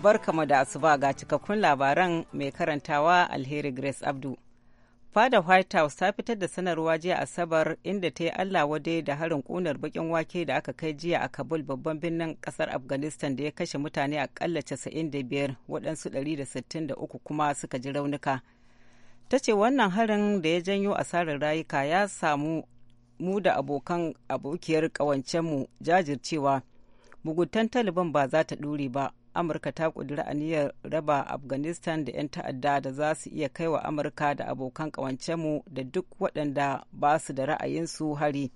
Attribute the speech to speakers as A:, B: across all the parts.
A: kama da asuba ga cikakkun labaran mai karantawa alheri grace abdu fada white house ta fitar da sanarwa jiya asabar inda ta yi allah wadai da harin kunar bakin wake da aka kai jiya a kabul babban birnin kasar afghanistan da ya kashe mutane akalla 95 waɗansu 163 kuma suka ji raunuka ta ce wannan harin da ya janyo asarar rayuka ya samu mu da abokan abokiyar ƙawancenmu jajircewa muguntan taliban ba za ta ɗure ba amurka ta kudura aniyar raba afghanistan da 'yan ta'adda da za su iya kaiwa amurka da abokan mu da duk waɗanda ba su da ra'ayinsu hari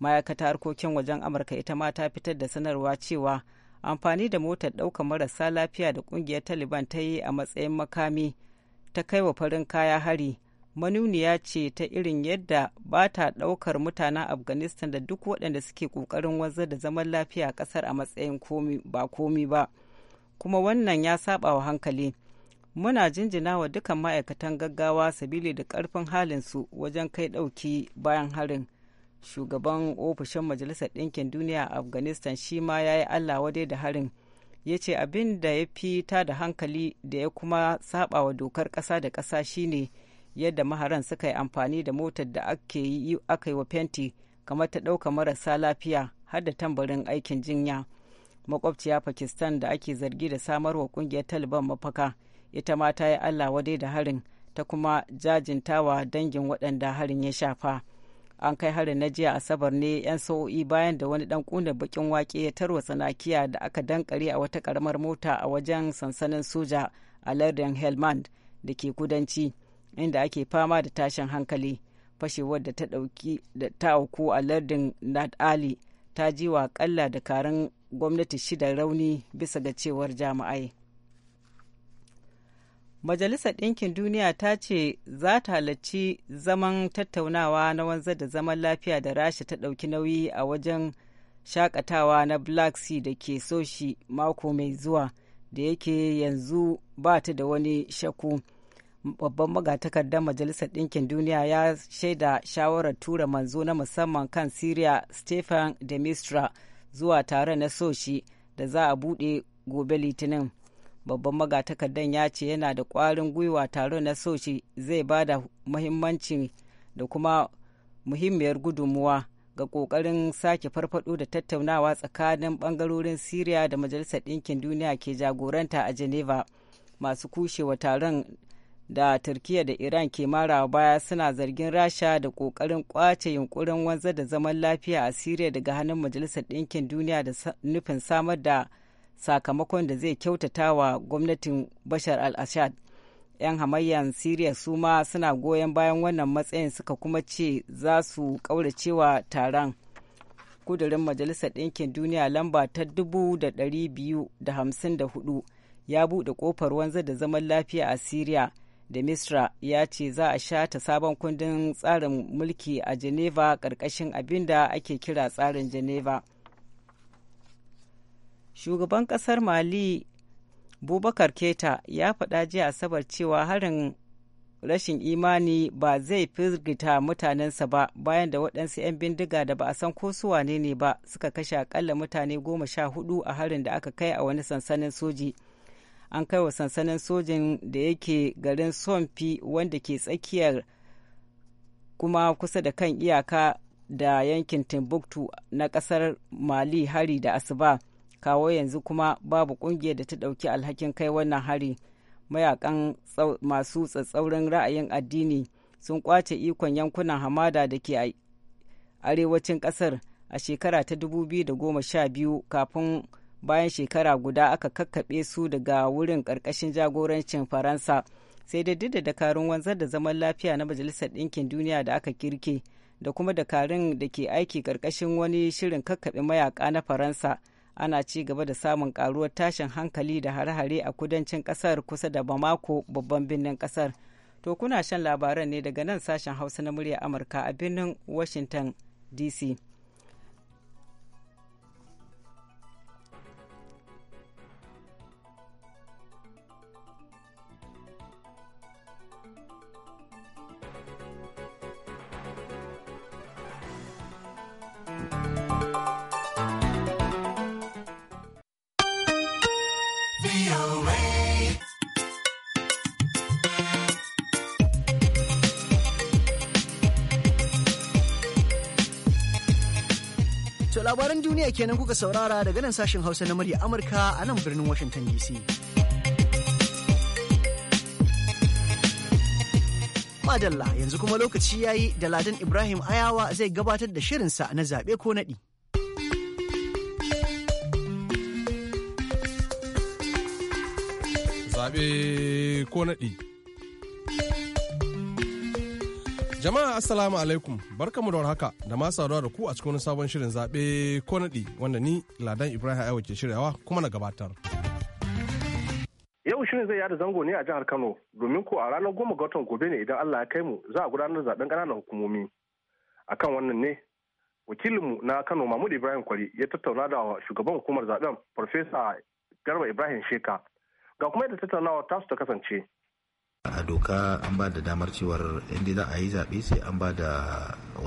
A: ma'aikata harkokin wajen amurka ita ma ta fitar da sanarwa cewa amfani da motar ɗaukar marasa lafiya da ƙungiyar taliban ta yi a matsayin makami ta kai wa farin kaya hari manuniya ce ta irin yadda ba ta ɗaukar mutanen afghanistan da duk waɗanda suke ƙoƙarin wanzar da zaman lafiya a ƙasar a matsayin ba komi ba. kuma wannan ya saba wa hankali muna jinjina wa dukan ma'aikatan gaggawa sabili da karfin halinsu wajen kai ɗauki bayan harin shugaban ofishin majalisar ɗinkin duniya a afghanistan shi ma ya yi allah wadai da harin ya ce abin da ya fi ta da hankali da ya kuma saba wa dokar ƙasa da ƙasa shine yadda maharan suka yi amfani da motar da aka yi wa fenti kamar ta ɗauka marasa lafiya har da tambarin aikin jinya. makwabciya pakistan da ake zargi da samarwa kungiyar taliban mafaka ita ma ta yi allah wadai da harin ta kuma jajintawa dangin waɗanda harin ya shafa an kai harin na jiya asabar ne 'yan sa'o'i bayan da wani dan kunar bakin wake ya tarwatsa nakiya da aka dankare a wata karamar mota a wajen sansanin soja a lardin helmand da ke kudanci inda ake fama da tashin hankali fashewar da ta auku a lardin nad ta ji wa kalla da karin gwamnati shida rauni bisa ga cewar jami'ai majalisar ɗinkin duniya ta ce za ta halarci zaman tattaunawa na wanzar da zaman lafiya da rasha ta ɗauki nauyi a wajen shakatawa na black sea da ke so shi mako mai zuwa da yake yanzu ba ta da wani shaku babban magatakardar majalisar ɗinkin duniya ya shaida shawarar tura manzo na musamman kan syria stephen demistra. zuwa taron na soshi da za a buɗe gobe litinin babban magatakardan ya ce yana da ƙwarin gwiwa taron na soshi zai ba da muhimmanci da kuma muhimmiyar gudunmuwa ga ƙoƙarin sake farfado da tattaunawa tsakanin ɓangarorin siriya da majalisar ɗinkin duniya ke jagoranta a geneva masu kushewa taron da turkiya da iran ke mara baya suna zargin rasha da kokarin kwace yunkurin wanzar da zaman lafiya a siriya daga hannun majalisar ɗinkin duniya da nufin samar da sakamakon da zai kyautata wa gwamnatin bashar al-assad 'yan hamayyan siriya su ma suna goyon bayan wannan matsayin suka kuma ce za su kauracewa taron kudurin majalisar ɗinkin duniya lamba ta 2254 ya buɗe ƙofar wanzar da zaman lafiya a siriya da misra ya ce za a sha ta sabon kundin tsarin mulki a geneva ƙarƙashin abin da ake kira tsarin geneva shugaban ƙasar mali bubakar keta ya faɗa jiya asabar cewa harin rashin imani ba zai firgita mutanensa ba bayan da waɗansu 'yan bindiga da ba a san ko ne ne ba suka kashe akalla mutane goma sha hudu a harin da aka kai a wani sansanin soji an kai wa sansanin sojin da yake garin sonfi wanda ke tsakiyar kuma kusa da kan iyaka da yankin timbuktu na kasar mali hari da asuba kawo yanzu kuma babu kungiyar da ta ɗauki alhakin kai wannan hari mayakan masu tsatsauran ra'ayin addini sun kwace ikon yankunan hamada da ke arewacin kasar a shekara ta 2012 kafin bayan shekara guda aka kakkaɓe su daga wurin ƙarƙashin jagorancin faransa sai dai duk da dakarun wanzar da zaman lafiya na majalisar ɗinkin duniya da aka kirke da kuma dakarun da ke aiki ƙarƙashin wani shirin kakkaɓe mayaƙa na faransa ana ci gaba da samun ƙaruwar tashin hankali da hare-hare a kudancin ƙasar kusa da bamako babban birnin ƙasar to kuna shan labaran ne daga nan sashen hausa na murya amurka a birnin washington dc
B: labaran duniya kenan kuka saurara daga nan sashen Hausa na murya Amurka a nan birnin Washington DC. Madalla yanzu kuma lokaci yayi da Ladan Ibrahim Ayawa zai gabatar da shirinsa na zaɓe ko naɗi. Zaɓe ko naɗi.
C: Jama'a Assalamu alaikum barkamu da warhaka da ma saduwa da ku a cikin wani sabon shirin zaɓe ko naɗi wanda ni Ladan Ibrahim Aiwa ke shiryawa kuma na gabatar. Yau shirin zai yada zango ne a jihar Kano domin ko a ranar goma ga watan gobe ne idan Allah ya kai mu za a gudanar zaɓen ƙananan hukumomi. Akan wannan ne wakilinmu na Kano Mahmud Ibrahim Kwari ya tattauna da shugaban hukumar zaɓen Farfesa Garba Ibrahim Sheka ga kuma yadda tattaunawa tasu ta kasance.
D: a doka an ba da damar cewar inda za a yi zaɓe sai an ba da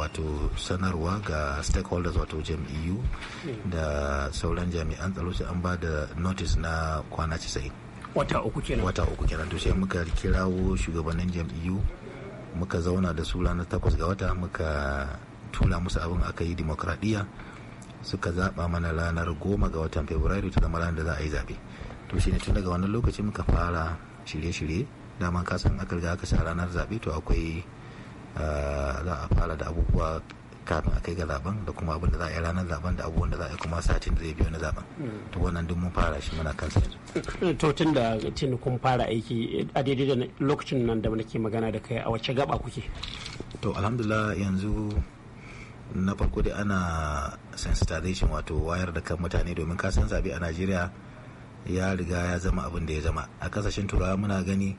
D: wato sanarwa ga stakeholders wato jam'iyyu da sauran jami'an tsaro sai an ba da notice na kwana 90
E: wata
D: uku kenan to sai muka kirawo shugabannin jam'iyyu muka zauna da su ranar takwas ga wata muka tula musu abin aka yi demokradiyya suka zaɓa mana ranar goma ga watan fabrairu ta zama ranar da za a yi zaɓe to shi ne tun daga wannan lokaci muka fara shirye-shirye dama kasan aka riga aka sa ranar zaɓe to akwai ah, za a fara da abubuwa kafin a kai ga zaben da kuma abin da za a yi ranar zaben da abubuwan da za a yi kuma satin da zai biyo na zaben to wannan duk mun fara shi muna kansa yanzu
E: eh, to tun da tun kun fara aiki a daidai da lokacin nan da muke magana da kai a wacce gaba kuke
D: to alhamdulillah yanzu na farko dai ana sensitization wato wayar da kan mutane domin kasan zabe a Najeriya ya riga ya zama abin da ya zama a kasashen turawa muna gani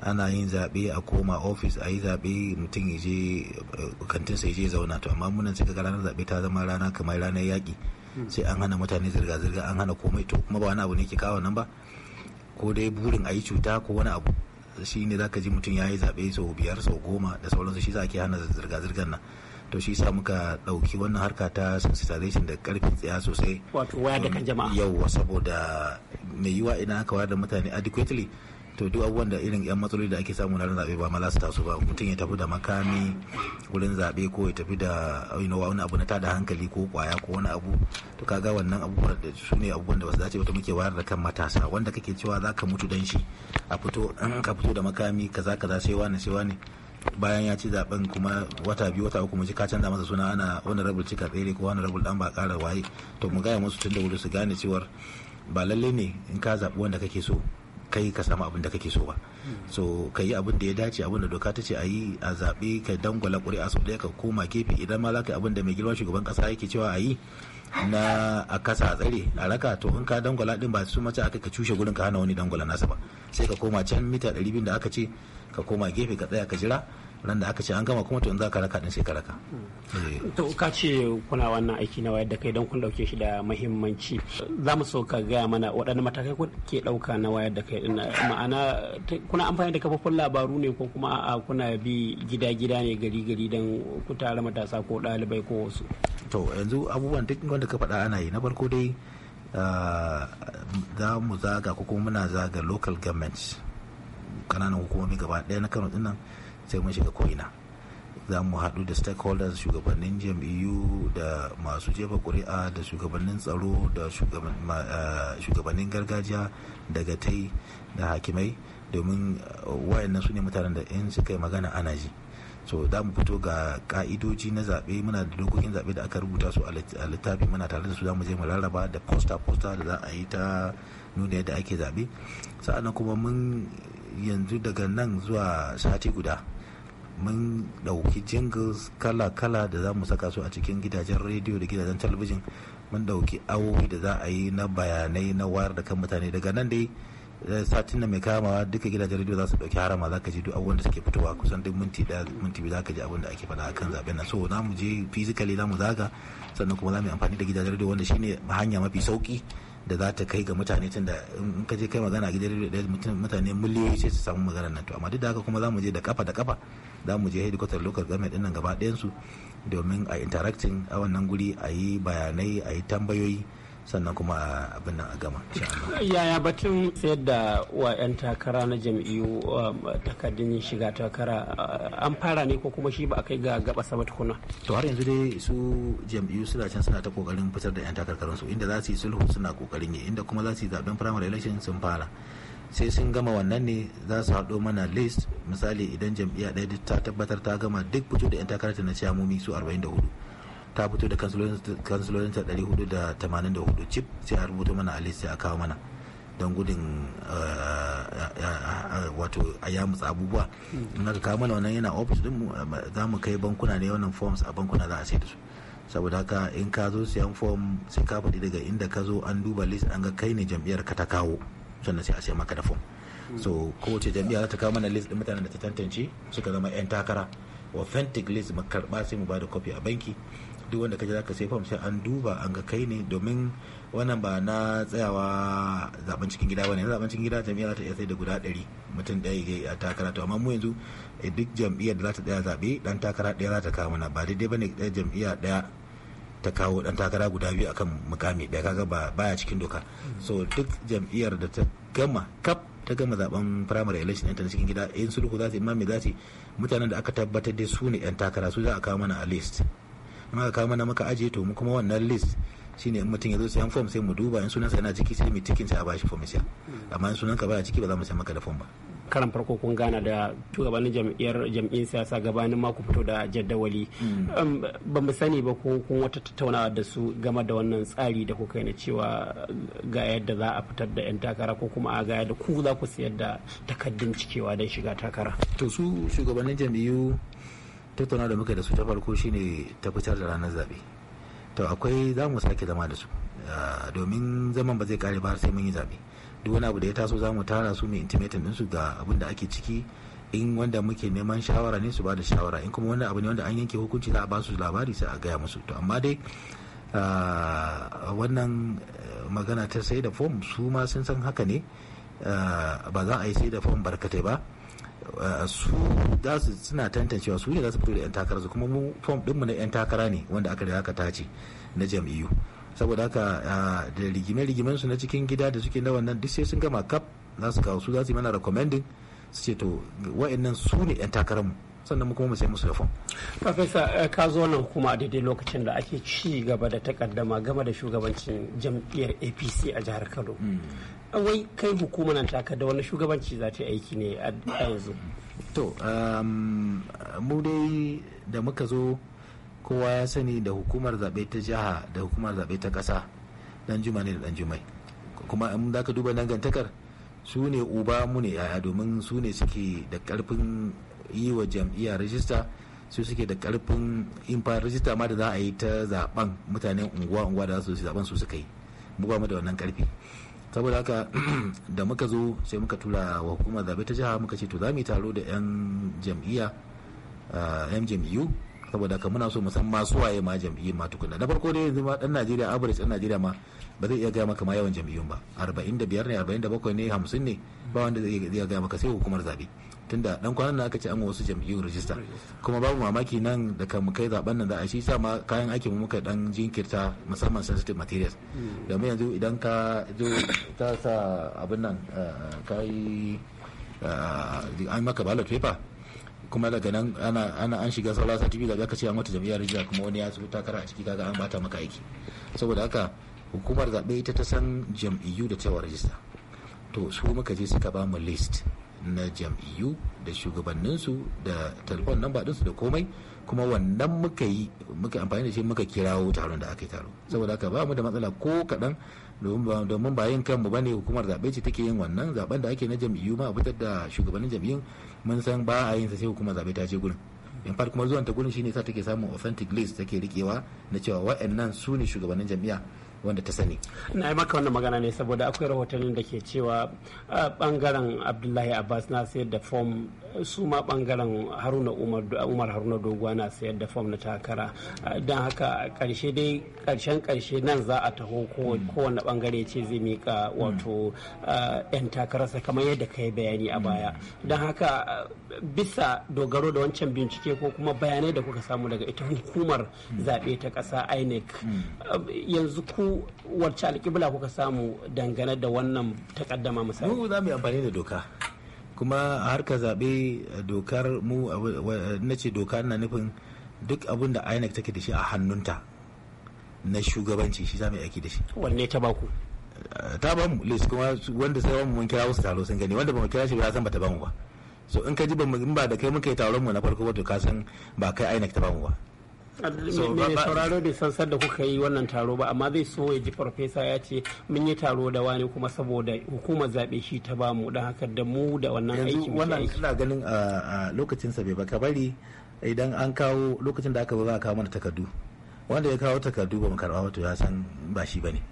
D: ana yin zaɓe a koma ofis a yi zaɓe mutum ya je eh, kantin sai je zauna to amma munan sai ga ranar zaɓe ta zama rana kamar ranar yaƙi hmm. sai an hana mutane zirga-zirga an hana komai to kuma ba wani abu ne ke kawo nan ba ko dai burin a yi cuta ko wani abu shi ne zaka ji mutum ya yi zaɓe sau biyar sau goma da sauransu shi za ke hana zirga-zirgar nan to shi sa muka ɗauki wannan harka ta sensitization da ƙarfin tsaya sosai wato waya da kan jama'a yauwa saboda mai yiwa idan aka wayar da mutane adequately to duk abubuwan da irin yan matsaloli da ake samu na zaɓe ba ma za su taso ba mutum ya tafi da makami wurin zaɓe ko ya tafi da wani abu na tada hankali ko kwaya ko wani abu to kaga wannan abubuwan da su ne abubuwan da ba su dace ba muke wayar da kan matasa wanda kake cewa za ka mutu dan shi a fito an ka fito da makami kaza kaza sai wani sai wani bayan ya ci zaben kuma wata biyu wata uku mu ji ka canza masa suna ana wani rabul cika tsere ko wani rabul dan ba kara waye to mu gaya musu tun da wuri su gane cewar ba lalle ne in ka zaɓi wanda kake so kai ka samu abin da kake so ba so ka yi abin da ya dace abin da doka ta ce a yi a zaɓe ka dangwala ƙuri'a sau ɗaya ka koma gefe idan ma za ka yi abin da mai girma shugaban ƙasa yake cewa a yi na a kasa a tsare a raka to in ka dangwala ɗin ba su mace aka ka cushe gurin ka hana wani dangwala nasa ba sai ka koma can mita ɗari biyu da aka ce ka koma gefe ka tsaya ka jira ran da aka ce an gama kuma to in za ka raka din shekara ka
E: to ka ce kuna wannan aiki na wayar da kai don kun dauke shi da muhimmanci za mu so ka gaya mana waɗanne matakai ke ɗauka na wayar da kai ma'ana kuna amfani da kafofin labaru ne ko kuma a'a kuna bi gida-gida ne gari-gari don ku tara matasa ko ɗalibai ko wasu to yanzu abubuwan duk wanda
D: ka faɗa ana yi na farko dai ah, za mu zaga ko kuma muna zaga local government kananan hukumomi gaba ɗaya na kano dinnan sai mun shiga ko'ina za mu haɗu da stakeholders shugabannin jam'iyyu da masu jefa ƙuri'a da shugabannin tsaro da eh, shugabannin gargajiya da gatai da hakimai domin eh, wayannan su ne mutanen da in suka yi magana ana ji so za mu fito ga ka'idoji na zaɓe muna da dokokin zaɓe da aka rubuta su a littafi muna tare da su za mu je mu rarraba da posta posta da za a yi ta nuna yadda ake zaɓe sa'annan kuma mun yanzu daga nan zuwa sati guda mun ɗauki jingles kala-kala da za mu saka su a cikin gidajen rediyo da gidajen talabijin mun ɗauki awowi da za a yi na bayanai na wayar da kan mutane daga nan dai eh, satin da mai kama duka gidajen rediyo za su ɗauki harama za ka ji duk abubuwan da suke fitowa kusan duk minti ɗaya minti biyu za ka ji abin da ake faɗa a kan zaɓen nan so za mu je physically za mu zaga sannan kuma za mu yi amfani da gidajen rediyo wanda shine hanya mafi sauki da za ta kai ga mutane tunda in ka je kai magana a gidan rediyo ɗaya mutane miliyoyi sai su samu magana nan to amma duk da haka kuma za mu je da kafa da kafa za mu je hedikwatar local government ɗin nan gaba ɗayansu domin a interacting a wannan guri a yi bayanai a yi tambayoyi sannan kuma abin nan a gama
E: yaya batun sayar da wa 'yan takara na jam'iyyu um, takardun shiga takara uh, an fara ne ko kuma shi ba a kai ga gaba sama tukuna
D: to har yanzu dai su jam'iyyu suna can suna ta kokarin fitar da 'yan takarkarinsu inda za su yi sulhu suna kokarin yi inda kuma za su yi zaben primary election sun fara sai sun gama wannan ne za su haɗo mana list misali idan jam'iyya ɗaya ta tabbatar ta gama duk fito da 'yan takarar ta na ciyamomi su 44 ta fito da kansilolin ta 484 chip sai a rubuta mana a list sai a kawo mana don gudun eh, eh, eh, wato a musu abubuwa in aka kawo mana wannan yana ofis din za mu kai bankuna ne wannan forms a bankuna za a sai da su saboda haka in ka zo siyan form sai ka faɗi daga inda ka zo an duba list an ga kai ne jam'iyyar ka ta kawo sannan sai a sai maka da so kowace jam'iyya za ta kawo mana list din mutanen da ta tantance suka zama 'yan takara authentic list mu karba sai mu bada kofi a banki duk wanda ji zaka sai form sai an duba an ga kai ne domin wannan ba na tsayawa zaben cikin gida bane zaben cikin gida jam'iyya za ta iya sai da guda 100 mutum daya ya a takara to amma mu yanzu eh, duk jam'iyyar da za ta tsaya zabe dan takara daya za ta kawo mana ba daidai bane jam'iyya daya ta kawo dan takara guda biyu akan mukami da kaga ba baya cikin doka so duk jam'iyyar da ta gama kap ta gama zaben primary election ɗin ta cikin gida in sulhu za ta imami za su mutanen da aka tabbatar da su ne yan takara su za a kawo mana a list in aka kawo mana muka ajiye to mu kuma wannan list shine in mutum ya zo sayan form sai mu duba in sunansa yana ciki sai mu tikin sai a bashi form sai amma in sunanka baya ciki ba za mu sai maka da form ba
E: karan farko kun gana da shugabannin jam'iyyar jam'iyyar siyasa gabanin ma fito da jaddawali um, ba mu sani ba ko kun wata tattaunawa da su game da wannan tsari da kuka yi na cewa ga yadda za a fitar da 'yan takara ko kuma a ga yadda ku za ku sayar da takaddun cikewa don shiga takara
D: to su shugabannin jam'iyyu tattauna da muka da su ta farko shine ta fitar da ranar zabe to akwai za sake zama da su uh, domin zaman ba zai kare ba har sai mun yi zabe duk wani abu da ya taso za mu tara su mu intimatin ɗinsu ga abin da ake ciki in wanda muke neman shawara ne su ba da shawara in kuma wani abu ne wanda an yanke hukunci za a ba su labari sai a gaya musu to amma dai wannan eh, magana ta sai da fom su ma sun san haka ne ba za a yi sai da fom barkatai ba su za su suna tantancewa su ne za su fito da 'yan takarar su kuma mu fom ɗinmu na 'yan takara ne wanda aka da aka tace na jam'iyyu saboda haka da rigime-rigimen su na cikin gida da suke na wannan duk sai sun gama kap za su kawo su za su mana recommending su ce to wa'annan su ne 'yan takararmu sannan mu kuma mu sai musu da fom.
E: Farfesa eh, ka zo nan kuma a daidai lokacin da ake ci gaba da takaddama game da shugabancin jam'iyyar APC a jihar Kano. Hmm. Wai kai hukumar nan ta da wani shugabanci za ta aiki ne a yanzu. To, um, mu
D: dai da muka zo kowa ya sani da hukumar zaɓe ta jiha da hukumar zaɓe ta ƙasa dan juma ne da dan jumai kuma in za ka duba dangantakar su ne uba mu ne yaya domin su ne suke da ƙarfin yi wa jam'iyya rajista su suke da ƙarfin in fa rajista ma da za a yi ta zaben mutanen unguwa unguwa da su zaben su suka yi mu ba mu da wannan ƙarfi saboda haka da muka zo sai muka tura wa hukumar zaɓe ta jiha muka ce to za mu yi taro da 'yan jam'iyya 'yan ah, jam'iyyu saboda ka muna so musamman su waye ma jam'iyyun ma tukuna da farko dai yanzu ma dan Najeriya average dan Najeriya ma ba zai iya gaya maka ma yawan jam'iyyun ba 45 ne 47 ne 50 ne ba wanda zai iya gaya maka sai hukumar zabe tunda dan kwanan nan aka ce an wasu jam'iyyun register kuma babu mamaki nan da kan mu kai zaben nan za a shi sa ma kayan aiki mu muka dan jinkirta musamman sensitive materials domin yanzu idan ka zo ta sa abin nan eh, ka yi eh, an maka ballot paper kuma daga nan ana an shiga sauran sati biyu daga aka ce an wata jam'iyyar rijiya kuma wani ya takara a ciki kaga an bata maka aiki saboda haka hukumar zaɓe ita ta san jam'iyyu da cewa rajista to su muka je suka ba mu list na jam'iyyu da shugabanninsu da telefon namba ɗinsu da komai kuma wannan muka yi muka amfani da shi muka kirawo taron da aka yi taro saboda haka ba mu da matsala ko kaɗan domin ba yin kanmu ba ne hukumar zaɓe ce take yin wannan zaɓen da ake na jam'iyyu ma a fitar da shugabannin jam'iyyun mun san ba a yin sa sai hukumar zaɓe ta je gurin in fact kuma zuwan ta gurin shine sa take samun authentic list take rikewa na cewa wa'annan su ne shugabannin jam'iyya wanda ta sani
E: na yi maka wannan magana ne saboda akwai rahotannin da ke cewa bangaren abdullahi abbas na sayar da fom su ma bangaren haruna umar haruna doguwa na sayar da fom na takara don haka karshe dai karshen karshe nan za a taho kowane bangare ce zai mika wato yan takararsa kamar yadda ka yi bayani a baya don haka bisa dogaro da wancan bincike ko kuma bayanai da kuka samu daga ita hukumar zaɓe ta ƙasa inec mm. yanzu ku wacce alƙibla kuka samu dangane da wannan takaddama misali mu za mu yi amfani da doka
D: kuma a harka zaɓe dokar mu na ce doka na nufin duk abin da inec take da shi a hannunta na shugabanci shi za mu yi aiki da shi wanne ta baku ta bamu list kuma wanda sai mu mun kira wasu taro sun gani wanda ba mu kira shi ba san ba ta bamu ba so in ka ji ba da kai muka yi taron mu na farko to ka san ba kai INEC ta bamu ba
E: mai sauraro da san da kuka yi wannan taro ba amma zai so ya ji farfesa ya ce mun yi taro da wani kuma saboda hukumar zaɓe shi ta bamu don haka da mu da wannan aiki yanzu wannan
D: kina ganin a lokacin sa bai baka bari idan an kawo lokacin da aka zo za a kawo mana takardu wanda ya kawo takardu ba mu karɓa wato ya san ba shi bane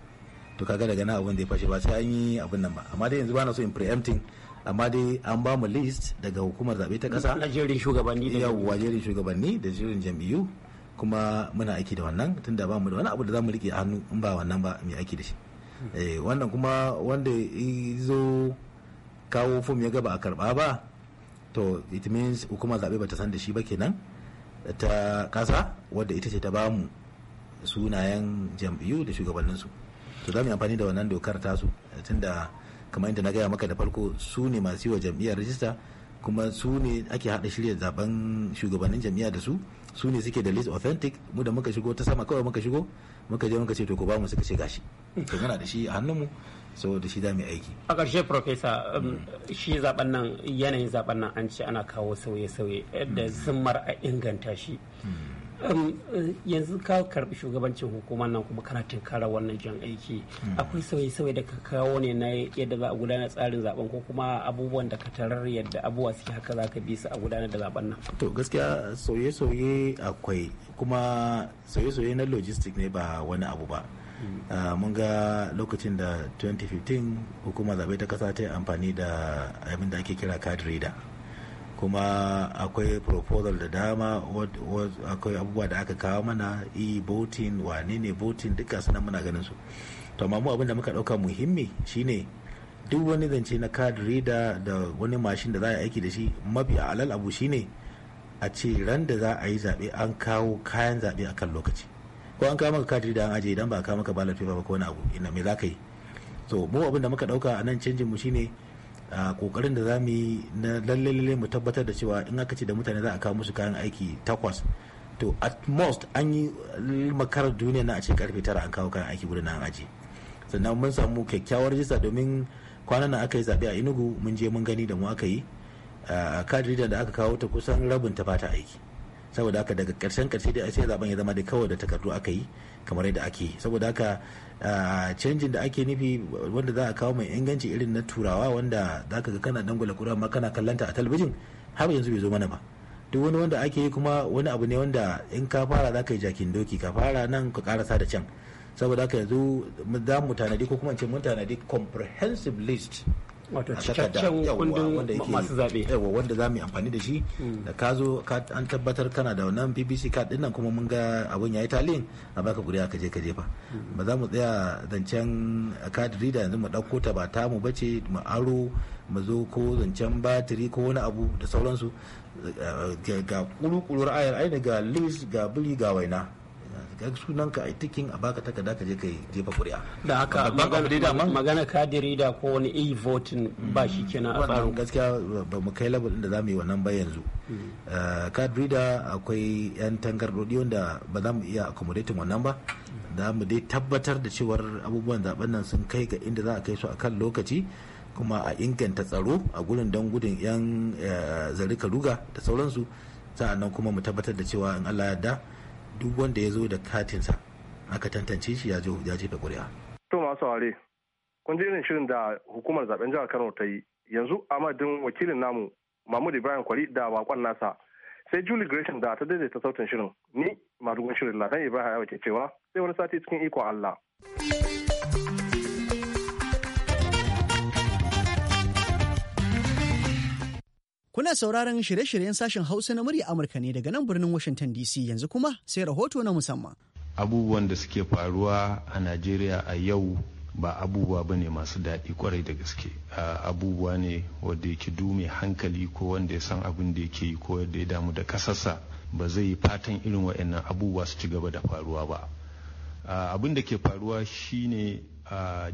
D: to kaga daga nan abin da ya fashe ba sai an yi abin nan ba amma dai yanzu ba na so in preempting amma dai an ba mu list daga hukumar zaɓe ta ƙasa na
E: jerin shugabanni da yawwa jerin
D: shugabanni da jerin jam'iyyu kuma muna aiki da wannan tunda ba mu da wani abu da za mu rike hannu in ba wannan ba mai aiki da shi eh, wannan kuma wanda zo kawo fom ya gaba a karba ba to it means hukuma zaɓe ba ta san da shi ba kenan ta kasa wadda ita ce ta ba mu sunayen jam'iyyu da shugabanninsu to za mu yi amfani da wannan dokar tasu tunda kamar yadda na gaya maka da farko su ne masu yi wa jam'iyyar rajista kuma su ne ake haɗa shirya zaben shugabannin jam'iyya da su su ne suke da list authentic mu da muka shigo ta sama kawai muka shigo muka je muka ce to ku ba mu suka ce gashi to muna da shi a hannunmu so da shi za mu aiki
E: a ƙarshe profesa um, mm. shi zaben nan yanayin zaben nan an ce ana kawo sauye-sauye eh, da mm. zimmar a inganta shi mm. Um, eh, yanzu ka karbi shugabancin hukumar nan kuma kana tunkara wannan jan aiki hmm. akwai sauye-sauye da ka kawo ne na yadda za a gudanar tsarin zaben ko kuma abubuwan da ka tarar yadda abubuwa suke haka za ka bi su a gudanar da zaben nan
D: to gaskiya sauye-sauye akwai kuma sauye-sauye na logistic ne ba wani abu ba hmm. ah, mun ga lokacin da 2015 hukumar zaɓe ta kasa ta yi amfani da abin da ake kira card reader kuma akwai proposal da dama akwai abubuwa da aka kawo mana e-voting wane ne voting duka suna muna ganin su to amma mu abin da muka dauka muhimmi shine duk wani zance na card reader da wani mashin da za a aiki da shi mafi alal abu shine a ce ran da za a yi zaɓe an kawo kayan zaɓe a kan lokaci ko an kawo maka card reader an aje idan ba a kawo maka ballot paper ba ko wani abu ina me za ka yi to mu abin da muka dauka a nan canjin mu shine kokarin da za mu yi na lalle mu tabbatar da cewa in aka ce da mutane za a kawo musu kayan aiki takwas to at most an yi makarar duniya na a ce karfe tara an kawo kayan aiki gudunan an aji sannan mun samu kyakkyawar rajista domin kwanan nan aka yi zaɓe a inugu mun je mun gani da mu aka yi a kadiri da aka kawo ta kusan rabin ta fata aiki saboda haka daga karshen karshe dai sai zaben ya zama da kawai da takardu aka yi kamar yadda ake saboda haka canjin da ake nufi wanda za a kawo mai inganci irin na turawa wanda za ka ga kana dangula kura ma kana kallanta a talabijin har yanzu bai zo mana ba duk wani wanda ake yi kuma wani abu ne wanda in ka fara za ka yi jakin doki ka fara nan ka karasa da can saboda haka yanzu za mu tanadi ko kuma ce mun tanadi comprehensive list
E: wato cikakken
D: kundin masu zaɓe yawa wanda za mu yi amfani da shi hmm. da ka zo an tabbatar kana da wannan bbc card din nan kuma mun ga abun yi talin a baka kuri'a ka je ka jefa hmm. ba za mu tsaya zancen card reader yanzu mu ɗauko ta ba ta mu bace mu aro mu zo ko zancen batiri ko wani abu da sauransu eh, eh, ga kuru-kuru ra'ayar aini ga lis ga biri ga waina sunan ka a tikin a baka takarda ka je ka jefa kuri'a
E: da haka magana kadiri da ko wani e voting ba shi mm. kenan
D: a faru gaskiya ba mu kai labarin da zamu yi wannan ba yanzu kadiri mm. eh, da akwai yan tangardodi wanda ba za mu iya accommodating wannan ba Da mu dai tabbatar da cewar abubuwan zaben nan sun kai ga inda za a kai su akan lokaci kuma a inganta tsaro a gurin don gudun yan eh, zarika ruga da sauransu sa'annan kuma mu tabbatar da cewa in Allah ya yarda duk wanda ya zo da katinsa aka tantance shi ya da ƙuri'a.
C: to masu ware kun ji irin shirin da hukumar zaben jihar kano ta yi yanzu amadin wakilin namu mahmud ibrahim kwari da bakon nasa sai julie gresham da ta daidaita sautin shirin ni madugun shirin ladan ibrahim ya ke cewa sai wani sati cikin ikon allah.
B: Kuna sauraron shirye-shiryen sashen Hausa na murya Amurka ne daga nan birnin Washington DC yanzu kuma sai rahoto na musamman.
F: Abubuwan da suke faruwa a Najeriya a yau ba abubuwa ba ne masu daɗi kwarai da gaske. Abubuwa ne wanda yake dume hankali ko wanda ya san abin da yake yi ko wanda ya damu da kasarsa ba zai yi fatan irin waɗannan abubuwa su ci gaba da faruwa ba. Abin da ke faruwa shine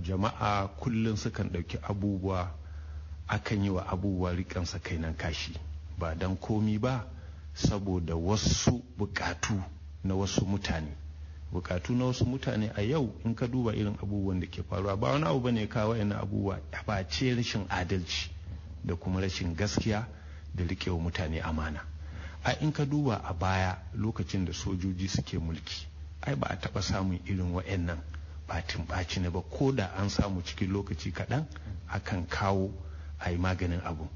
F: jama'a kullum sukan ɗauki abubuwa akan yi wa abubuwa rikansa kainan kashi ba don komi ba saboda wasu bukatu na wasu mutane bukatu na wasu mutane a yau in ka duba irin abubuwan da ke faruwa ba wani abu ba ne kawo yana abubuwa ce rashin adalci da kuma rashin gaskiya da wa mutane amana a in ka duba a baya lokacin da sojoji suke mulki ai ba a taɓa samun irin wa'annan batin ɓaci ne ba ko da an samu cikin lokaci kaɗan akan kawo a yi maganin abu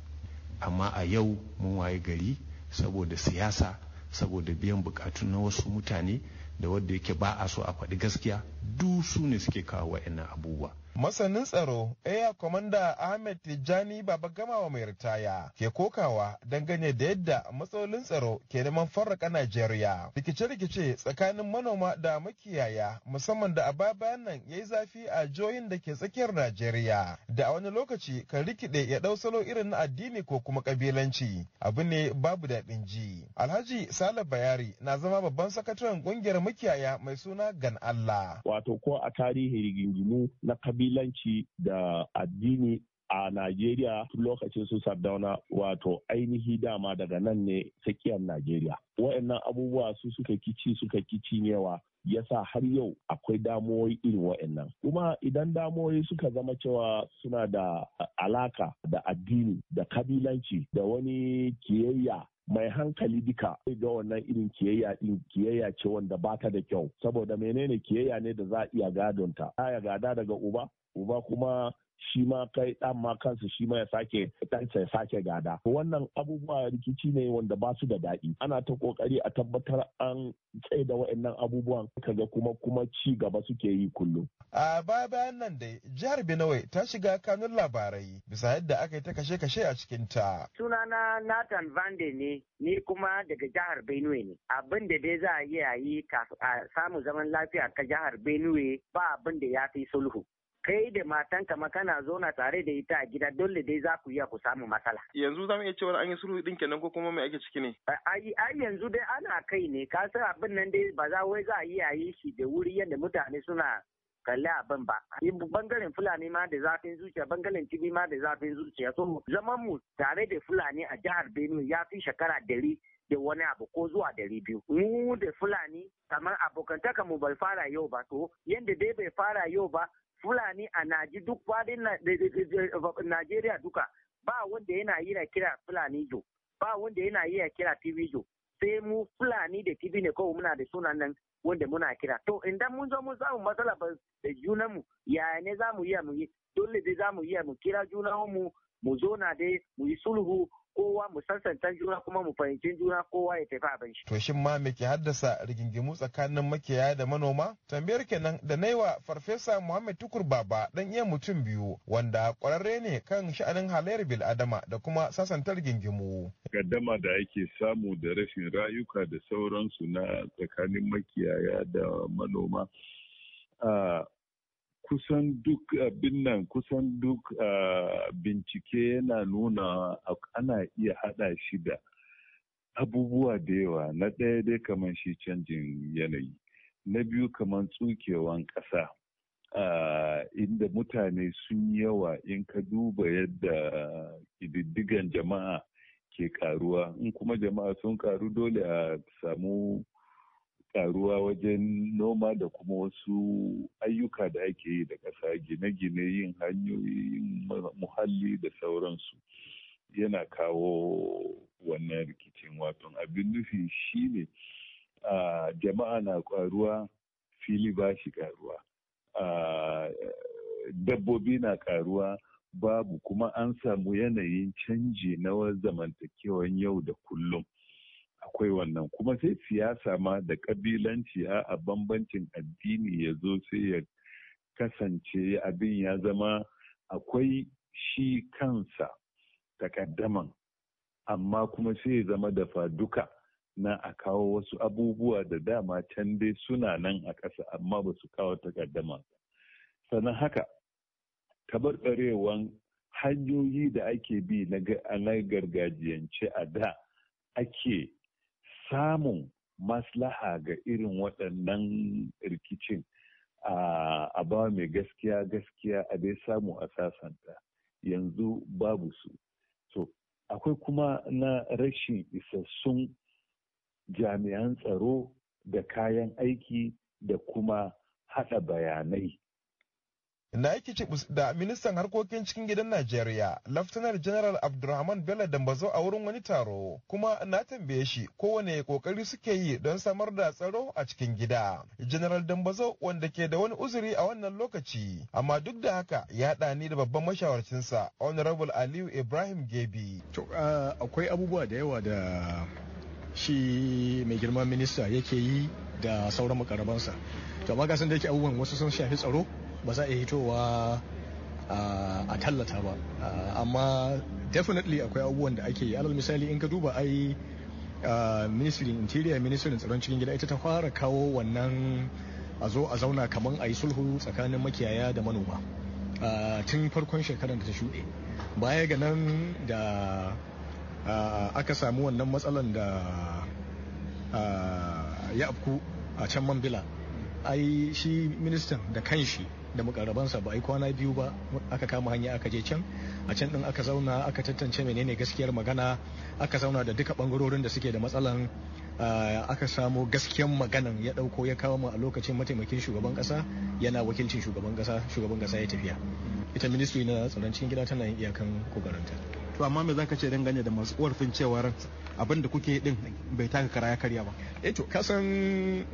F: amma a yau mun waye gari saboda siyasa saboda biyan bukatu na wasu mutane da wadda yake ba a so a faɗi gaskiya duk su ne suke kawo wa'annan abubuwa Masanin tsaro Air
G: Commander Ahmed Tijjani Baba Gamawa mai ritaya ke kokawa dangane da yadda matsalolin tsaro ke neman farraka Najeriya. Rikice-rikice tsakanin manoma da makiyaya musamman da ababayan nan ya yi zafi a jihohin da ke tsakiyar Najeriya da a wani lokaci kan rikide ya ɗau salo irin na addini ko kuma kabilanci abu ne babu daɗin ji. Alhaji Sale Bayari na zama babban sakataren ƙungiyar makiyaya mai suna Gan Allah.
H: Wato ko a tarihi rigingimu na kabi kabilanci da addini a Najeriya lokacin su Sardauna wato ainihi dama daga nan ne tsakiyar Najeriya. Wa'annan abubuwa su suka kici suka kici newa yasa har yau akwai damuwoyi irin wa'annan kuma idan damuwoyi suka zama cewa suna da alaka da addini da kabilanci da wani kiyayya mai hankali duka ga wannan irin kiyayya din kiyayya ce wanda bata da kyau saboda menene kiyayya ne da za a iya gadonta ya gada daga uba uba kuma shi ma kai dan ma kansa shi ma ya sake ya sake gada wannan abubuwa rikici ne wanda ba su da daɗi ana ta kokari a tabbatar an tsaye da wa'annan abubuwan kaga kuma kuma ci gaba suke yi kullum
G: a baya bayan nan dai jihar Benue ta shiga kanun labarai bisa yadda aka yi ta kashe-kashe a cikin ta
I: sunana Nathan Vande ne ni kuma daga jihar Benue ne abin da dai za a yi a yi samu zaman lafiya ta jihar Benue ba abin da ya fi sulhu kai da matanka ma kana zauna tare da ita a gida dole dai za ku iya ku samu matsala.
G: Yanzu za mu iya cewa an yi sulhu din kenan ko kuma mai ake ciki ne?
I: Ai yanzu dai ana kai ne ka san abin nan dai ba za wai za a iya yi shi da wuri yadda mutane suna kalli abin ba. Bangaren Fulani ma da zafin zuciya, bangaren Tibi ma da zafin zuciya. So zaman mu tare da Fulani a jihar Benue ya fi shekara dari da wani abu ko zuwa dari biyu. Mu da Fulani kamar abokantaka mu bai fara yau ba to yadda dai bai fara yau ba Fulani a Naji duk fadin Najeriya duka ba wanda yana yi na kira Fulani jo, ba wanda yana yi na kira TV jo, sai mu Fulani da TV ne kawai muna da sunan nan wanda muna kira. To idan mun zo mun samu matsala ba da mu yaya ne za mu iya mu yi dole dai za mu iya mu kira mu mu zo na dai mu yi sulhu kowa mu sansanta juna kuma mu fahimci juna kowa ya tafi abin shi.
G: To shin ma me ke haddasa rigingimu tsakanin makiyaya da manoma? Tambayar kenan da naiwa Farfesa Muhammad Tukur Baba dan iya mutum biyu wanda kwararre ne kan sha'anin halayyar bil adama da kuma sasanta rigingimu.
H: Gaddama da ake samu da rashin rayuka da sauransu na tsakanin makiyaya da manoma. Ah, kusan duk abin nan kusan duk ah, bincike yana nuna ana iya hada shi da abubuwa da yawa na ɗaya dai kamar shi canjin yanayi na biyu kamar tsukewan ƙasa ah, inda mutane sun yawa in ka duba yadda ƙididdigan jama'a ke karuwa in kuma jama'a sun karu dole a samu karuwa wajen noma da kuma wasu ayyuka da ake yi da ƙasa gine-gine yin hanyoyi muhalli da sauransu yana kawo wannan rikicin wato abin nufi shi ne, jama'a na karuwa fili ba shi karuwa dabbobi na karuwa babu kuma an samu yanayin canji na zamantakewan yau da kullum akwai wannan kuma sai siyasa ma da kabilanci a bambancin addini ya zo sai ya kasance abin ya zama akwai shi kansa takaddaman amma kuma sai ya zama dafa duka na a kawo wasu abubuwa da dama can dai suna nan a ƙasa amma ba su kawo takaddama sannan haka tabarbarewan hanyoyi da ake bi na gargajiyance a da ake samun maslaha ga irin waɗannan rikicin a ba mai gaskiya gaskiya a dai samu a sasanta yanzu babu su so akwai kuma na rashin isassun jami'an tsaro da kayan aiki da kuma haɗa bayanai
G: na yake ce da ministan harkokin cikin gidan Najeriya, Laftanar General Abdulrahman Bello Dambazo a wurin wani taro, kuma na tambaye shi kowane kokari suke yi don samar da tsaro a cikin gida. General Dambazo wanda ke da wani uzuri a wannan lokaci, amma duk da haka ya haɗa ni da babban mashawarcinsa, Honorable Aliyu Ibrahim
C: Gebi. akwai abubuwa da yawa da shi mai girman minista yake yi da sauran makarabansa. To amma da yake abubuwan wasu sun shafi tsaro, ba za a iya hitowa a tallata ba amma definitely akwai abubuwan da ake yi alal misali in ka duba ai ministry interior ministry tsaron cikin gida ita ta fara kawo wannan a zo a zauna kamar a yi sulhu tsakanin makiyaya da manoma tun farkon shekarar da ta shuɗe baya ga nan da aka samu wannan matsalan da ya afku a can mambila ai shi ministan da kanshi da sa ba a yi kwana biyu ba aka kama hanya aka je can a can din aka zauna aka tantance menene gaskiyar magana aka zauna da duka bangarorin da suke da matsalan ah, aka samo gaskiyar maganan ya dauko ya kawo mu a lokacin mataimakin shugaban kasa yana wakilcin shugaban kasa shugaban kasa ya tafiya ita ministry na tsaron cikin gida tana yin iyakan kokarinta to amma me zaka ce dangane da masu korafin cewar abin da kuke din bai taka kara ya karya ba eh to kasan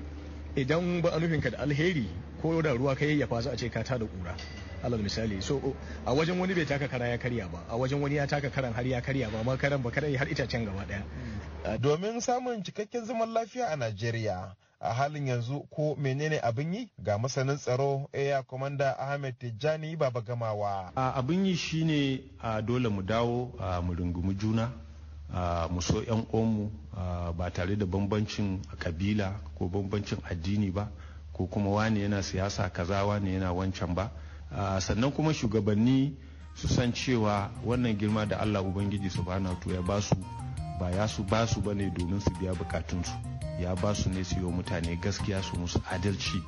C: idan ba a nufinka da alheri ko da ruwa ka yayyafa za a ce ka tada kura alal misali so a wajen wani bai taka kara ya karya ba a wajen wani ya taka karan har ya karya ba amma karan ba karai har itacen gaba daya hmm. domin samun cikakken zaman lafiya
G: a Najeriya a halin yanzu ko menene abin yi ga masanin tsaro Air Commander Ahmed Tijjani Baba Gamawa
F: abin yi shine dole mu dawo mu rungumi juna mu so yan uwanmu ba tare da bambancin kabila ko bambancin addini ba ko kuma wani yana siyasa kaza wani yana wancan ba ah, sannan kuma shugabanni su san cewa wannan girma da allah ubangiji su ba ya ba su ba ya su ba su ba ne domin su biya bukatunsu ya ba su ne su yi mutane gaskiya su musu adalci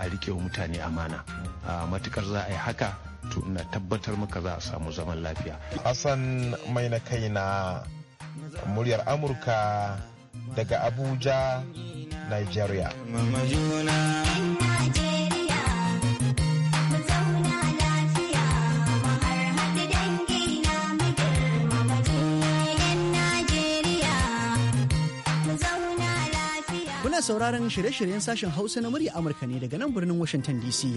F: a rike wa mutane amana a ah, matukar za a yi haka to ina tabbatar maka za a samu zaman lafiya hassan
G: mai na kai na muryar amurka daga abuja nigeria
B: Kuna sauraron shirye-shiryen sashen Hausa na murya Amurka ne daga nan birnin Washington DC.